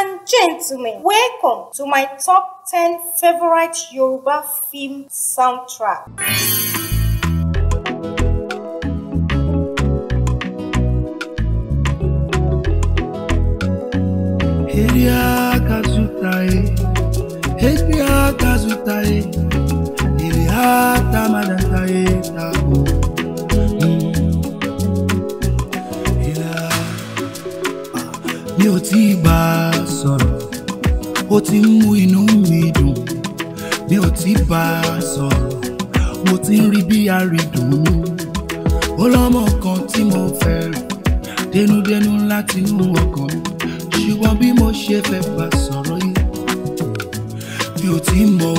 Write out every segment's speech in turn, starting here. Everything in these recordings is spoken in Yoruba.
and gentlemen, welcome to my top 10 favorite Yoruba film soundtrack. Hmm. Ah, mi ò tí sọ̀rọ̀ ó ti ń mú inú mi dùn mi ò tí bá a sọ̀rọ̀ mo ti ń rí bí àrídùn ó lọ́mọ kan tí mo fẹ́ rẹ̀ dénúdénú láti inú ọkàn mi ṣùgbọ́n bí mo ṣe fẹ́ bá sọ̀rọ̀ yìí mi ò tí mọ̀ o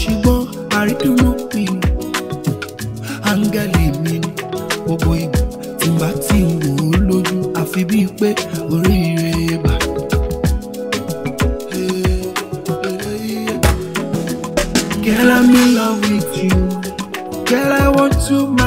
ṣùgbọ́n àrídùnú mi áńgẹ́lì mi gbogbo ìgbà tí n bá ó lójú àfi bíi pé orí rẹ̀. I'm in love with you. Girl, I want to marry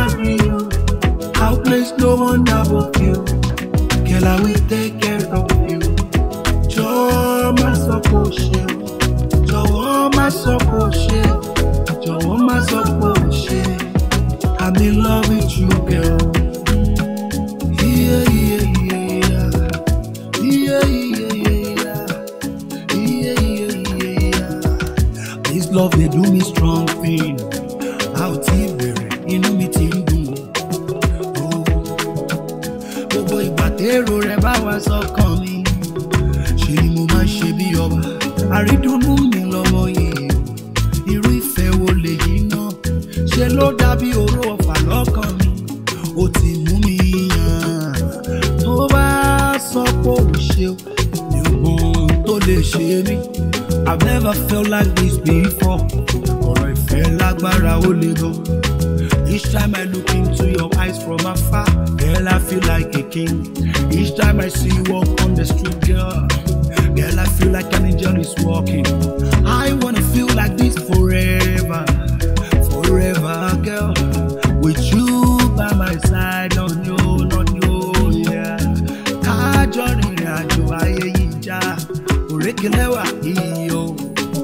Arékelẹ́wà yìí o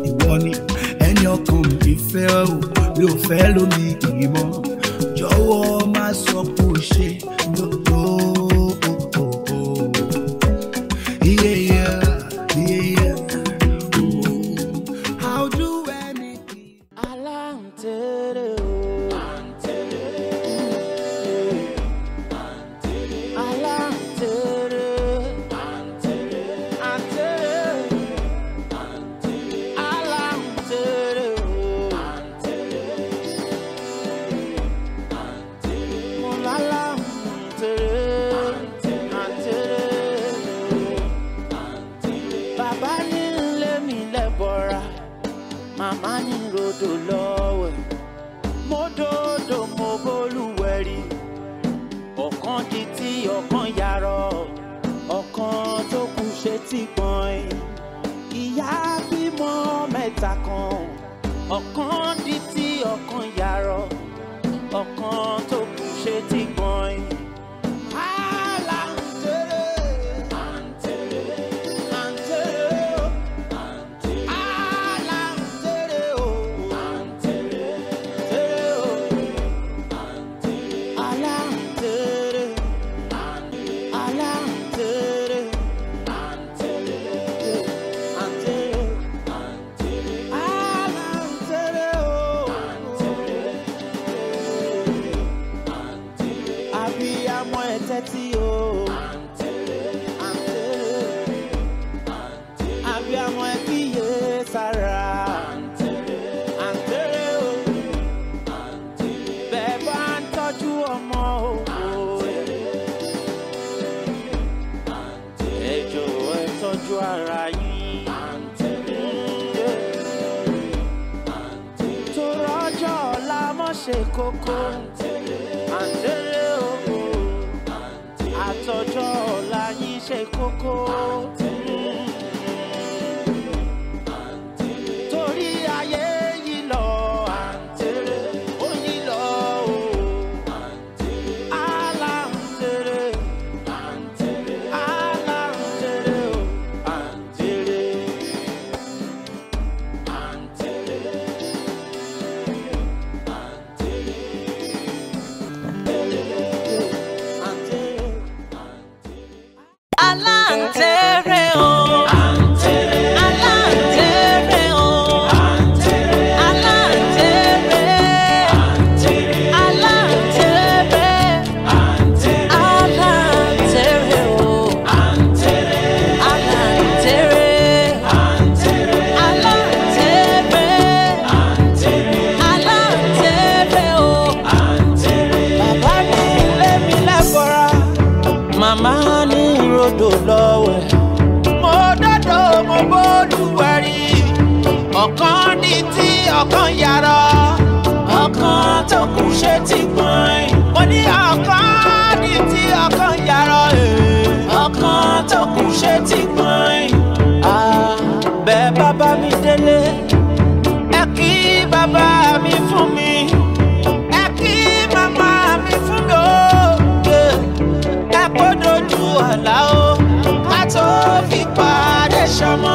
ìwọ ni ẹni ọkàn mi fẹ́ o mi ò fẹ́ lómi ìrìmọ́ jọ̀wọ́ má sọ kó ṣe. chama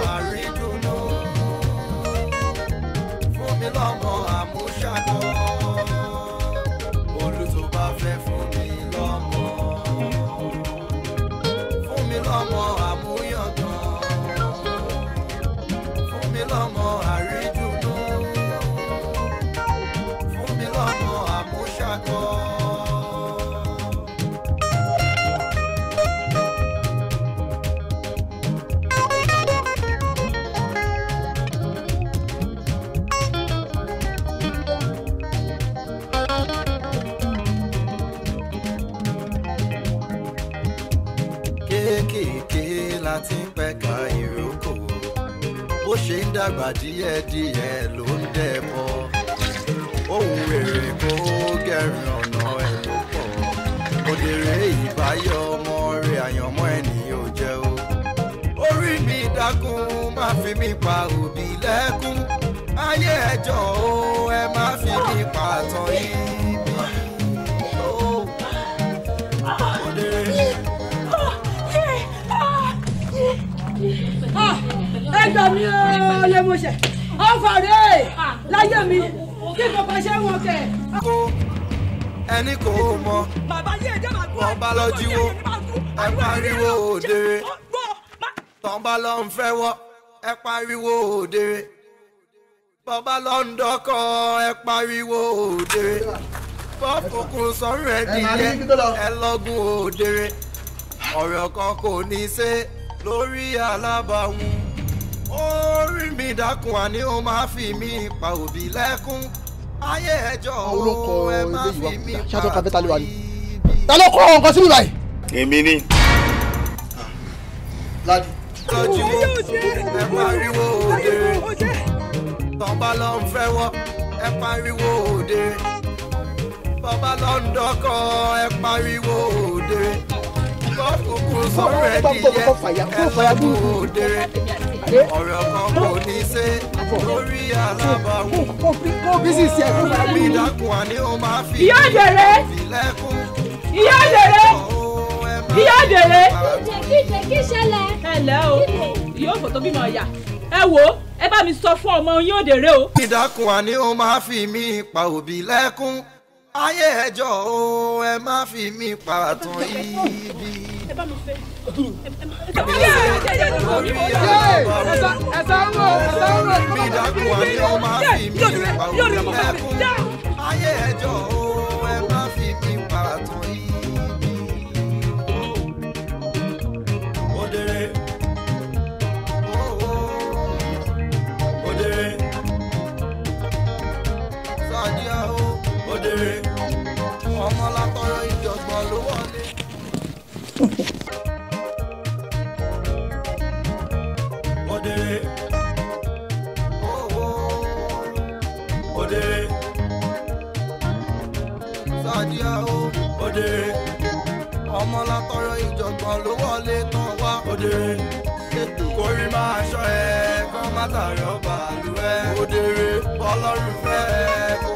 díẹ̀díẹ̀ ló ń dẹ̀bọ ohun wèrè kó gẹ̀rùn ọ̀nà ẹ̀ ló pọ̀ òdèrè ìbáyọ̀ ọmọ rẹ̀ àyànmọ́ ẹni ò jẹ́ o orí mi dákun má fi mi pa òbí lẹ́kún ayé ẹjọ́ ẹgbẹ́ mi ó yẹ mo ṣe ọ̀fà rẹ̀ láyé mi kí n kọ́kọ́ ṣe wọn kẹ̀. ẹni kò mọ wọn bá lọ jíwó ẹ pariwo òdèrè tọ́ bá lọ ń fẹ́ wọ́ ẹ pariwo òdèrè bọ́bá lọ ń dọ́kọ̀ ẹ pariwo òdèrè fọ́fọ́kùn sọ́rùn ẹ dìjẹ́ ẹ lọ́gùn òdèrè ọ̀rọ̀ kan kò ní í ṣe lórí alábàáhùn orí mi dákun àní ó máa fi mí pa òbí lẹ́kún ayé ẹjọ́ ó ẹ máa fi mí pa òbí. ta ló kọ nǹkan sí báyìí. èmi ni. lájú. lójú ẹ pariwo òde tọ́ba ló ń fẹ́ ẹ pariwo òde bàbá ló ń dọ́kọ̀ ẹ pariwo òde kọ́kùnkùn sọ̀rọ̀ ẹ dìyẹ ẹ pariwo òde ọ̀rọ̀ kan kò ní ṣe lórí alábàáwò. kó bísí sí ẹ̀kú. àbí ìdákùn àní ó máa fi ìyá òjèrè ìyá òjèrè ìyá òjèrè. kíje kí ṣẹlẹ̀. ẹ lẹ́ o yóò fò tó bímọ ọ̀yà ẹ wò ó ẹ bá mi sọ fún ọmọ yín òdèrè o. ìdákùn àní ó máa fi mí pa òbí lẹ́kún ayé ẹjọ́ o ẹ má fi mí pa àtàn ibi. ẹ bá mi fẹ́ ẹsẹ ń wò ẹsẹ ń wò. mi dàgbọ́ àti ọmọ àfi mi ìgbà wo ni mo fẹ́ kú. ayé ẹjọ́ ẹ má. Sadiya o òdèrè ọmọ látọrọ ìjọ̀gbọ̀n ló wọlé tán wá òdèrè kórì máa ṣọ́ ẹ kọ́ mátàrí ọba àlùwẹ̀ òdèrè ọlọ́run fẹ́ ẹ kó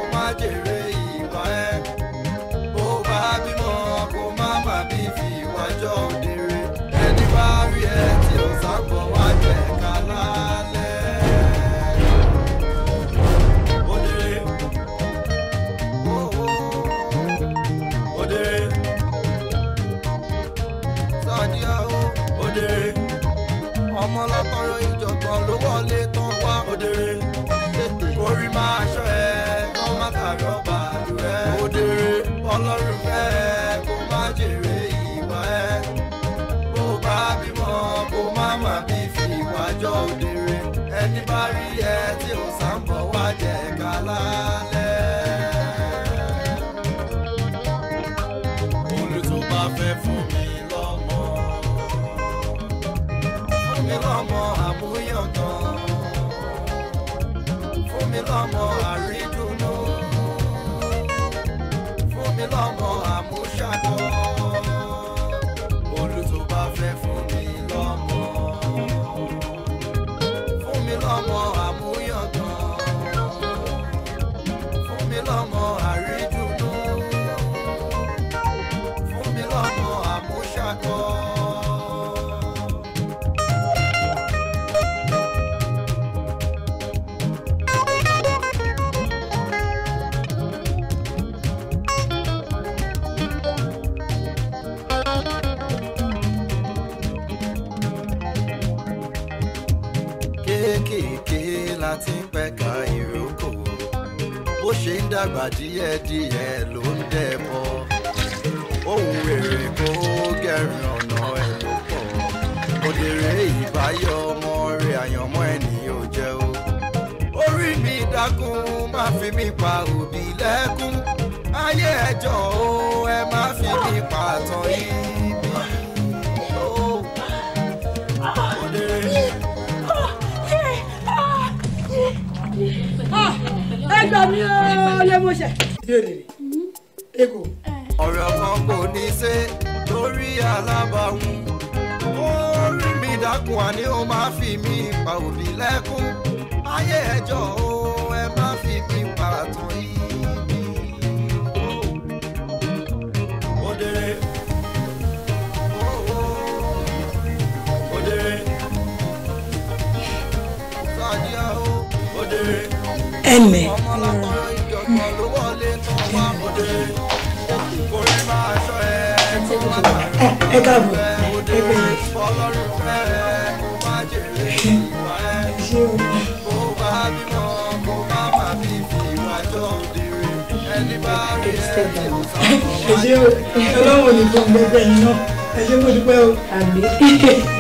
díẹ̀díẹ̀ ló ń dẹ̀bọ ohun èrè kó gẹ̀rìn ọ̀nà ẹ̀ ló pọ̀ òdèrè ìbáyọ ọmọ rẹ̀ àyànmọ́ ẹni ò jẹ́ o orí mi dákun má fi mi pa òbí lẹ́kún ayé ẹjọ́ o. ẹjọ́ mi ó lé mo ṣe. ìbéèrè rẹ̀ hmm? ego. Eh. ọ̀rọ̀ kan kò ní ṣe torí alábàáhùn ó rí mi dákun àní ó máa fi mí pa òbí lẹ́kún ayé ẹjọ́ ó ẹ má fi mí pa àtọ̀ yìí. ẹnlẹ. ẹ káàbọ̀ ẹ pè é. ẹ ṣé o ọlọ́run ò ní fún gbogbo ẹ̀yin náà ẹ ṣé mo dúpẹ́ o. àmín.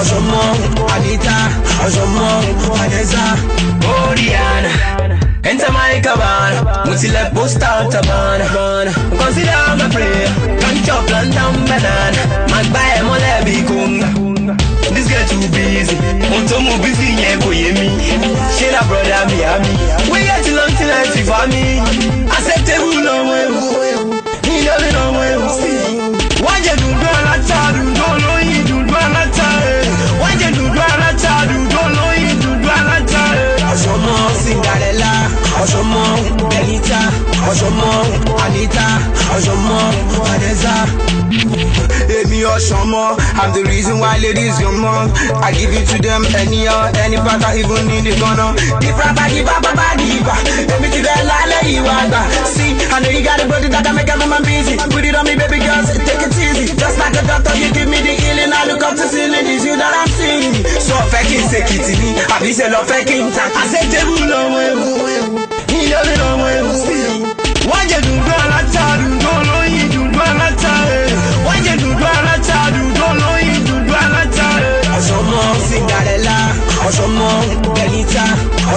Ọ̀ṣọ́mọ́ Anita Ọ̀ṣọ́mọ́ Vanessa Oriana Enter my cabana, Mutile post out a ban Consider my prayer, can't chop plant down banana Magbaye mo lẹ́bi kunga This girl too busy, ohun tó mú bísí yẹn kò yé mi Ṣé na brother mi àmì? We get along till I see family ọ̀ṣọ́mọ́ benita ọ̀ṣọ́mọ́ anita ọ̀ṣọ́mọ́ vanessa. èmi ọ̀ṣọ́mọ́ i'm the reason why ladies go mọ́ i give it to them anyhow any part even in the corner. dipa ba dipa ba ba dipa èmi ti fẹ́ lálẹ́ ìwà àgbà see i know you got a body that can make a woman busy put it on me baby girl take it easy just like a doctor you give me the healing i look up to ceiling it's you that i'm seeing. So fẹ́ kí n ṣe kìtì ni àbí ṣe lọ fẹ́ kí n ta. àṣẹ jẹ́rú lọ́wọ́ ewu.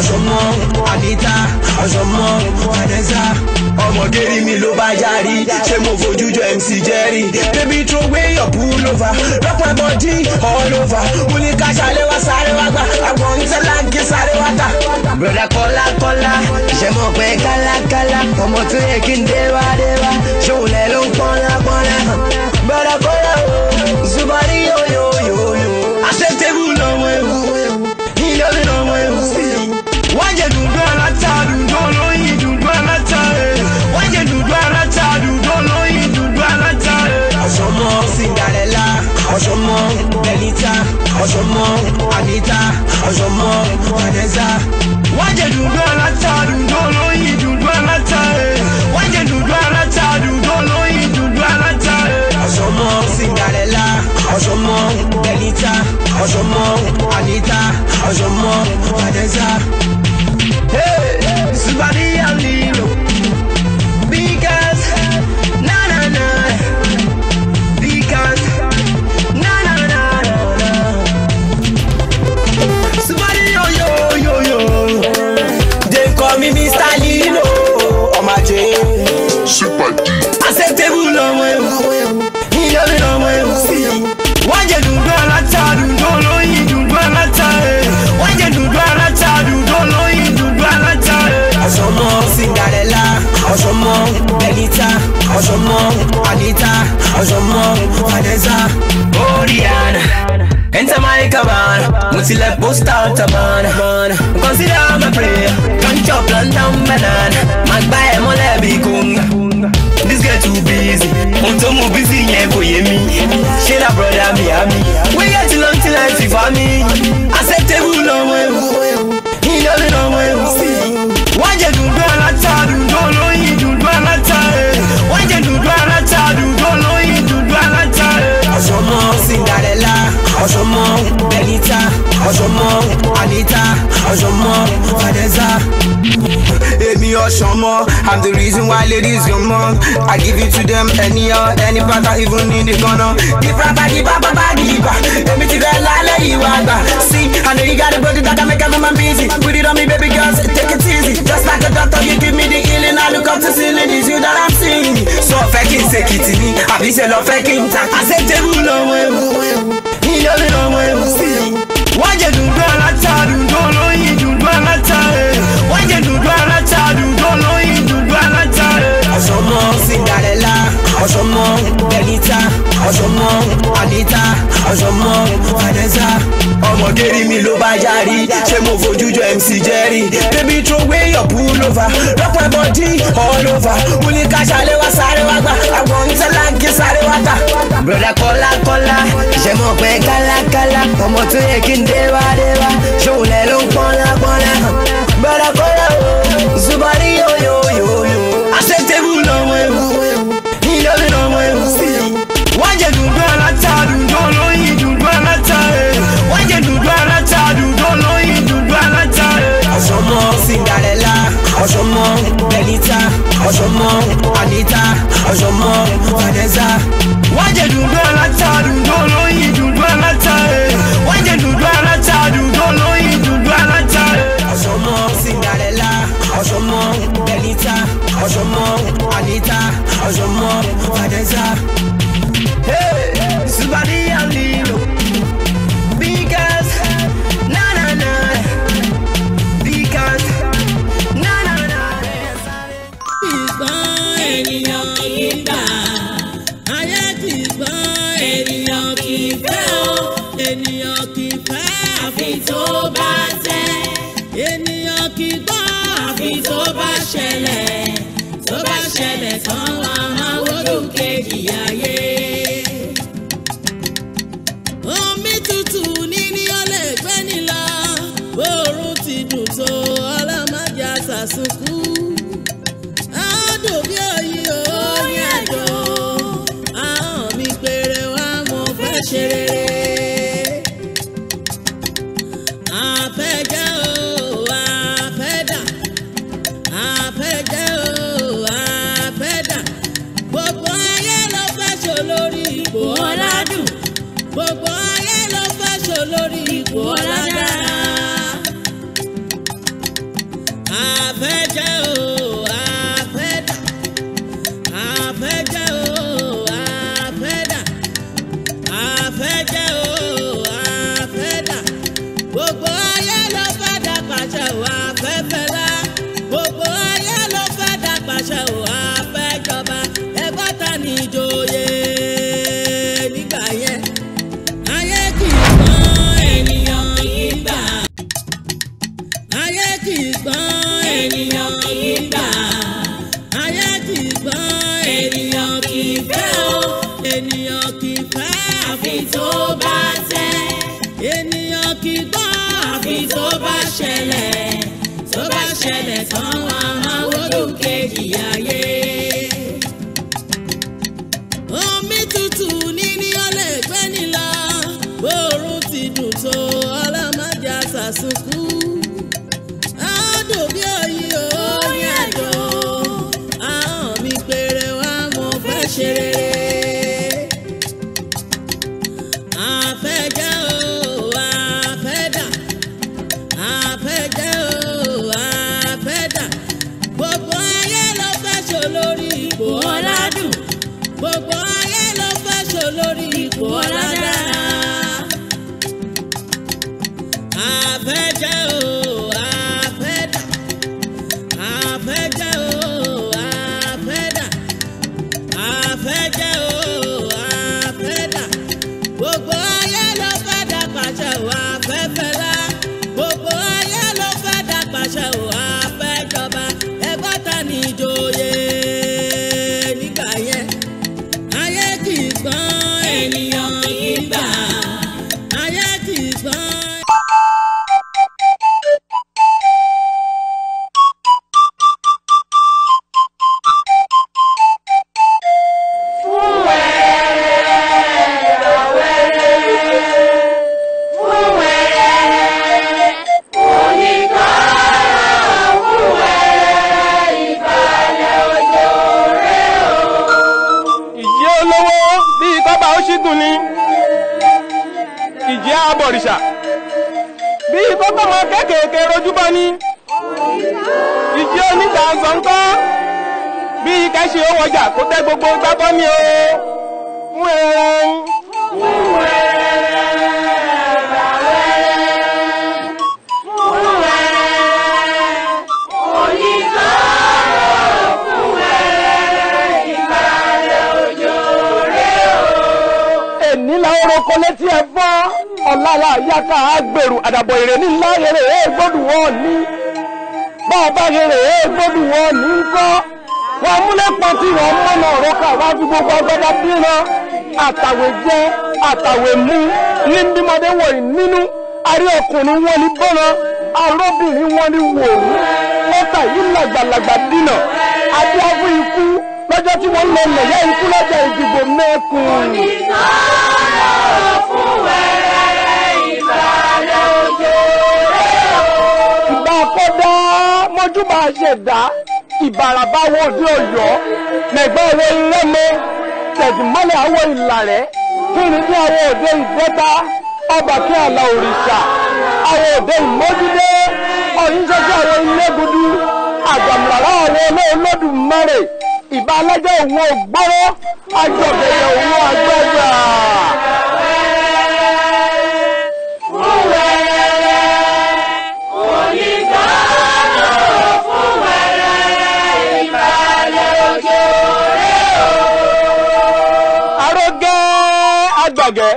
ọ̀ṣọ́mọ́ anita ọ̀ṣọ́mọ́ vanessa ọmọdé rí mi ló bá yarí ṣé mo fojú jọ mc jerry baby throw away your pullover rock my body all over mo ní ká ṣàlẹ́ wá sáré wá gbà àwọn ìṣẹ́láńkì sáré wá tà. broda kọ́lá kọ́lá ìṣẹ́mọ̀ pé kálákálá ọmọ tó yẹ kí n déwá déwá ṣòwò lẹ́ ló ń pọ́nlá pọ́nlá broda kọ́lá o zubari yóò yóò. ọ̀ṣọ́mọ́ Anita ọ̀ṣọ́mọ́ Vanessa. wọ́n jẹ dùdú aláta dùdú olóyin dùdú aláta ẹ̀. Eh. wọ́n jẹ dùdú aláta dùdú olóyin dùdú aláta ẹ̀. Eh. ọ̀ṣọ́mọ́ Cinderella ọ̀ṣọ́mọ́ Benita ọ̀ṣọ́mọ́ Anita ọ̀ṣọ́mọ́ Vanessa. Ọ̀ṣọ́mọ́ Anita Ọ̀ṣọ́mọ́ Vanessa Oriana Enter my cabana Mo ti lẹ pósítà Tabana Consider my prayer Kan chop London banana Má gbá ẹ̀ mọ́lẹ̀ bí kóńgà This girl too busy Ohun tó mú busy yẹn kò yé mi Ṣé na brother mi àmì? Wíyá ti lọ́n tilẹ̀ ti fa mi. ọ̀ṣọ́mọ́ Anita ọ̀ṣọ́mọ́ Vanessa èmi ọ̀ṣọ́mọ́ I'm the reason why ladies come on I give it to them anyhow any part even in the corner. Different baggy baba baggy ba èmi ti fẹ́ lálẹ́ ìwà àgbà see I know you got a body that can make everyone busy put it on me baby girls take it easy just like a doctor you give me the healing I look up to ceiling it's you that I'm seeing so fẹ́ kí n ṣe kìtì ni àbí ṣe lọ fẹ́ kí n ta àṣẹ jẹ́rú lọ́wọ́ ewu ilé orí lọ́wọ́ ewu sí i. ọ̀ṣọ́mọ́ benita ọ̀ṣọ́mọ́ anita ọ̀ṣọ́mọ́ vanessa ọmọ kérí mi ló bá yarí ṣé mo fojú mc jerry baby throw away your pullover rock my body all over wúni káṣá lé wá sáré wá gbà àgbọ̀n tẹ́lá ń ké sáré wá tà. broda kọ́lá kọ́lá ìṣẹ́mọ̀ pé kálákálá ọmọ tó yẹ kí n dé wá dé wá ṣòwò lẹ́ ló ń pọ́nlá pọ́nlá broda kọ́lá. Ọ̀ṣọ́mọ́ Anita Ọ̀ṣọ́mọ́ Vanessa. Wájẹ̀dùn gbé ọlọ́tọ̀ọ̀dù. bọ̀rìṣà bí ìfọ́tọ̀mọ kéékèèké rojúbọ ni ìjì oníta zọ̀ǹkọ́ bí ikẹ́ ṣe owó ọjà kó tẹ́ gbogbo gbábọ́ ni o wẹ́rẹ́ wẹ́rẹ́. ní làwọn orokọ létí ẹ bọ́. ọ̀làlà Ayaka agbèrò àdàbọ̀ ìrè ńlá yẹrẹ ẹ̀ ní bá a bá yẹrẹ ẹ̀ gbọ́dọ̀ wọ́n ní kọ́ wọn múlẹ̀ pọ̀tì wọn mọ́nà ọ̀rọ̀ ká wá fi gbogbo agbada bíran àtàwé jẹ́ àtàwé mú ní bímọdé wọ̀nyí nínú àrí ọkùnrin wọn ní bọ́nà arọ́bìnrin wọn ní mọ́tà yìí làgbàlagbà dínà ikú lọ́jọ́ tí fojú máa ṣẹ̀dá ìbàràbà wo òde ọ̀yọ́ mẹ̀gbọ́n wo ìrẹ́mọ tẹ̀dùmọ́lẹ̀ àwọ̀ ìlàrẹ́ kírin ní àwọn òde ìdẹ́ta ọba kí àlà òrìṣà àwọn òde ìbálẹ́jọ́ òun ògbóró àjọ̀bẹ̀yẹ̀ òun ọ̀gẹ́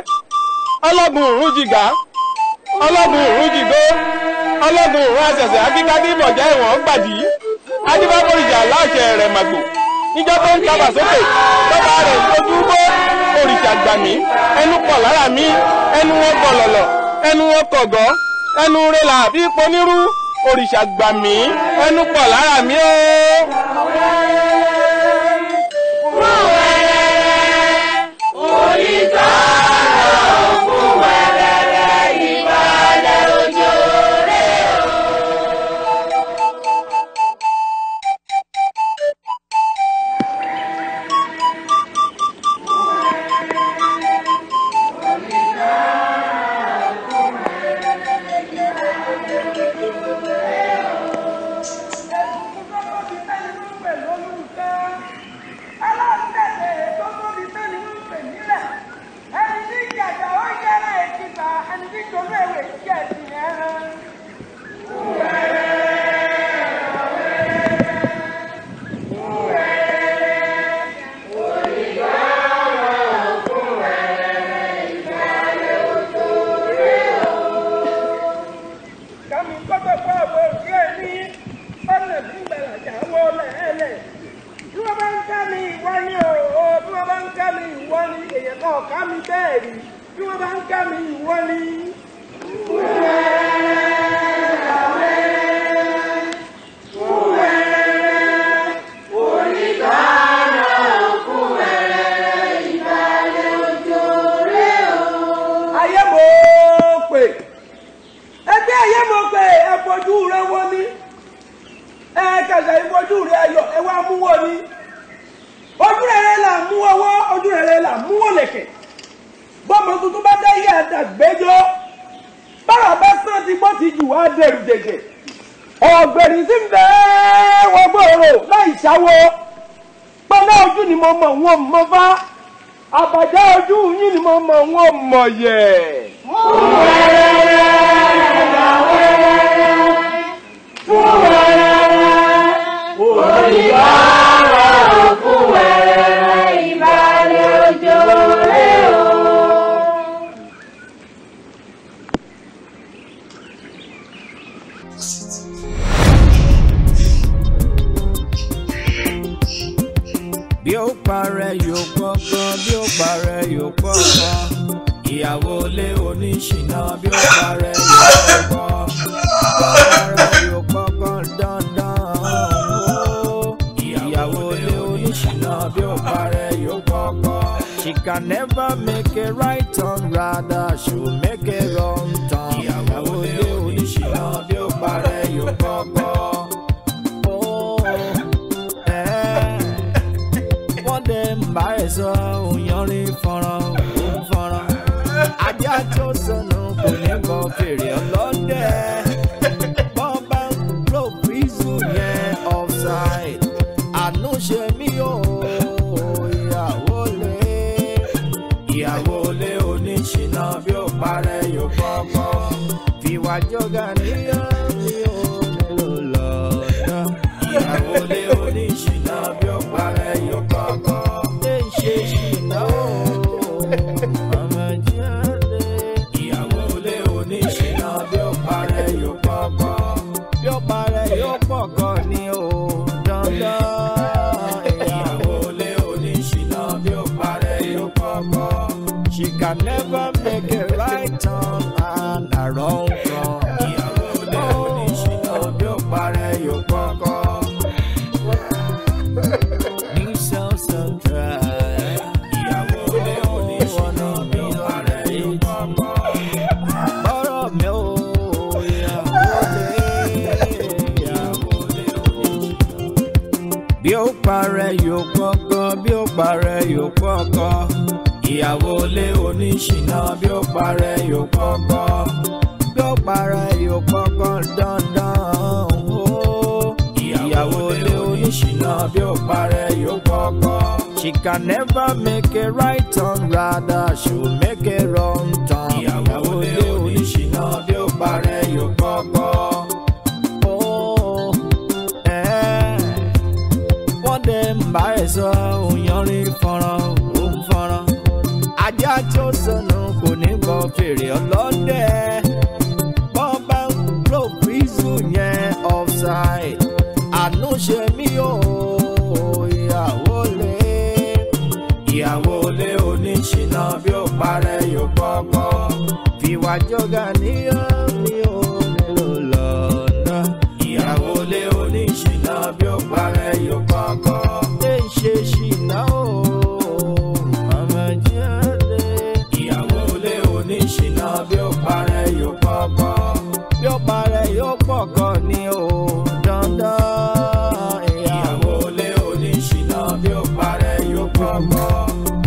ọlọ́gun òrùn jìgá ọlọ́gun òrùn jìgó ọlọ́gun òrùn àṣẹ̀ṣẹ̀ akíkadé ìbọ̀já ìwọ̀n gbàdí adébábọ̀rìjà láṣẹ rẹ̀ màgbò níjọ tó ń tabà sókè tọ́ba rẹ̀ lójú bó òrìṣà gbà mí ẹnu pọ̀ lára mi ẹnu wọn kọ lọ̀lọ̀ ẹnu wọn kọ̀gọ́ ẹnu rẹ̀ làbí ponírú òrìṣà gbà ẹnu pọ̀ lára mi ó. ẹ kẹsẹ̀ ìfojú rẹ ayọ̀ múwọ́ ojú rere là múwọ́ wọ́ ojú rere là múwọ́ lẹ̀kẹ̀ bọ́mọ tuntun bá dá yé àdàgbẹ́jọ́ bára bá sàn ti gbọ́ ti jù wá dẹrù dẹ̀dẹ̀ ọ̀gbẹ̀rì sí ìbára òkú wẹ̀rẹ̀ ìbàlẹ̀ òjò rẹ̀ o. bí ó parẹ́ yóò gbọ́ngàn bí ó ìyàwó lé oníṣìná bí ó parẹ́ yóò gbọ́ngàn. can never make a right turn, rather she'll make a wrong turn. Ìyàwó lé oníṣẹ́ ọdẹ ó parẹ́ yóò gbọ́gbọ́. Oh, eh. Wọ́n dẹ̀ ń bá ẹ̀ sọ òyìnrín fọ́nrán òun fọ́nrán. Ajá tó sọnù kò ní kọ fèrè ọlọ́dẹ. joga bí ó parẹ́ yóò pọ́kọ́ bí ó parẹ́ yóò pọ́kọ́ ìyàwó lé oníṣìná bí ó parẹ́ yóò pọ́kọ́ bí ó parẹ́ yóò pọ́kọ́ dandan ìyàwó lé oníṣìná bí ó parẹ́ yóò pọ́kọ́. She can never make a right turn rather she'll make a wrong turn. ìyàwó lé oníṣìná bí ó parẹ́ yóò pọ́kọ́. bá ẹ̀ sọ òyìnrín fọ́nrán òun fọ́nrán ajá tí ó sọnù kò ní kọ fèrè ọlọ́dẹ bọ́ọ̀bá ló bízù yẹn offside àánú ṣe mí o ìyàwó lé ìyàwó lé oníṣìná bí ó parẹ́ yóò kọ́kọ́ fìwà jọ̀gà níyàn. pọ̀ gan ni o dandan. ìyàwó lé oníṣìná bí ó parẹ́ yóò gbọ́gbọ́.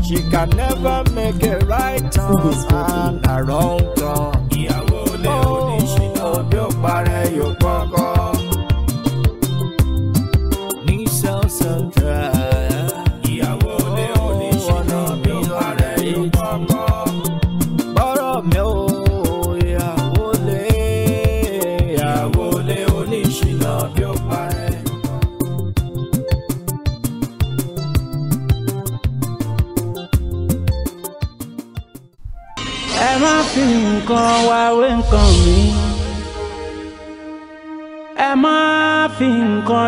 she can never make a right turn and a wrong turn.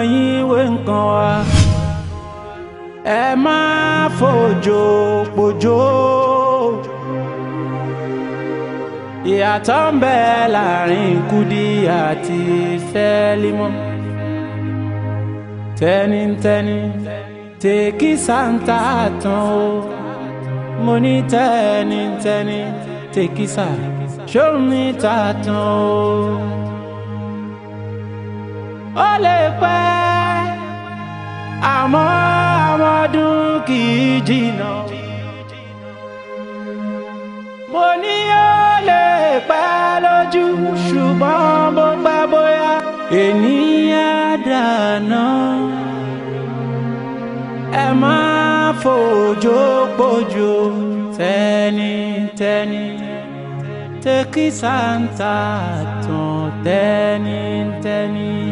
yín wé nǹkan wa ẹ má fòjò pòjò ìyàtọ̀ ń bẹ láàrin kudi àti fẹ́límọ́ tẹ́nitẹ́ni tèkí santa tán o mo ní tẹ́nitẹ́ni tèkí sà ṣóun ní ta tán o lè pẹ́ àmọ́ àwọn ọdún kì í jìnnà. mo ní ó lè pẹ́ lójú ṣùgbọ́n bó pẹ́ bóyá ènìyàn dáná ẹ máa fòjò pòjò tẹ́nitẹ́ni tẹ́kí sáńtà tán tẹ́nitẹ́ni.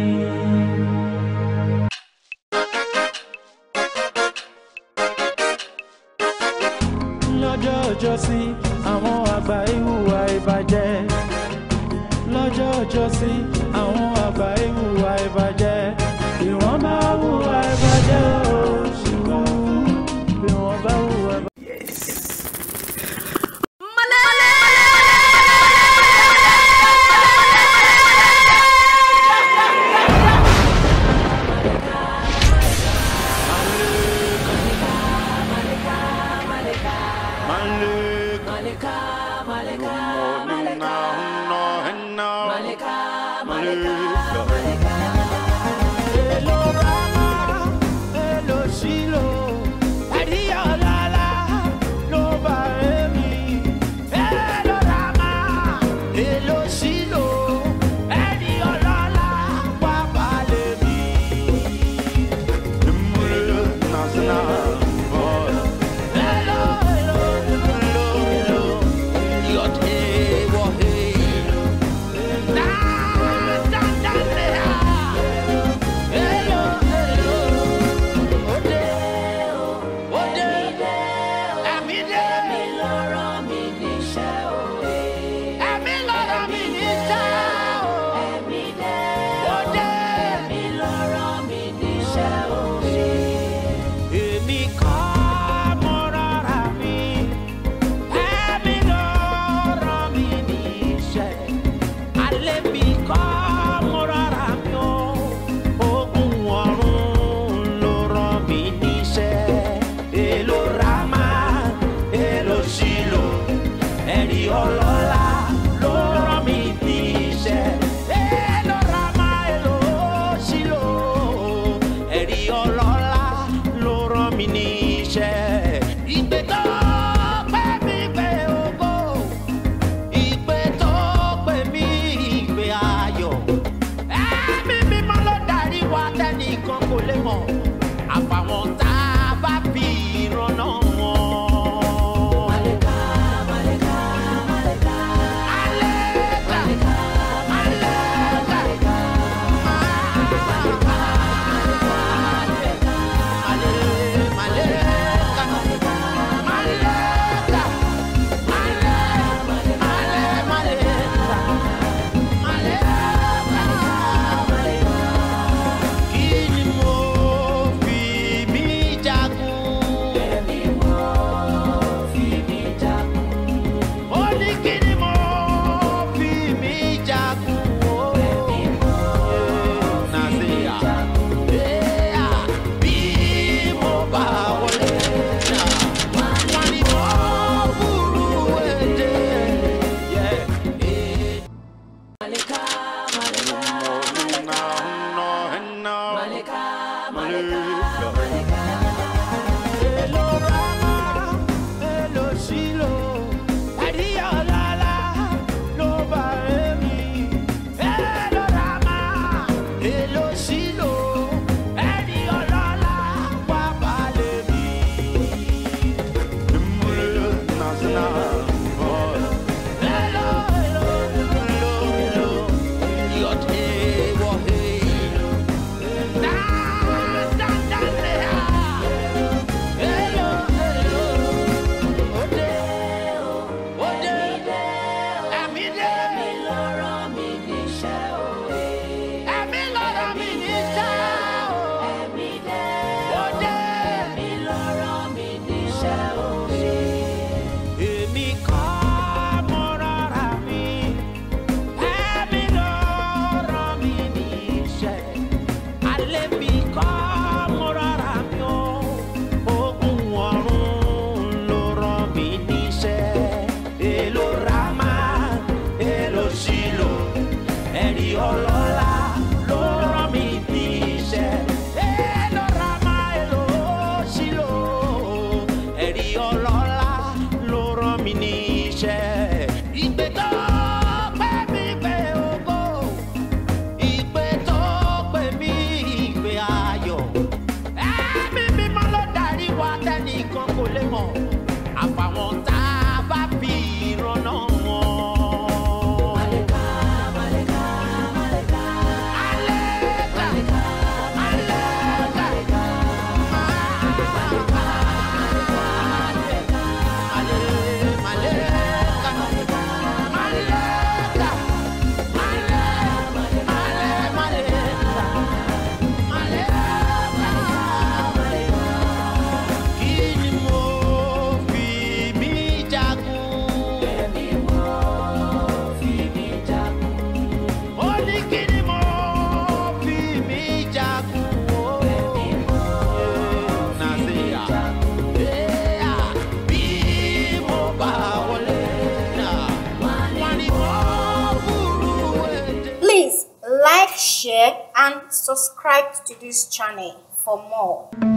subscribe to this channel for more.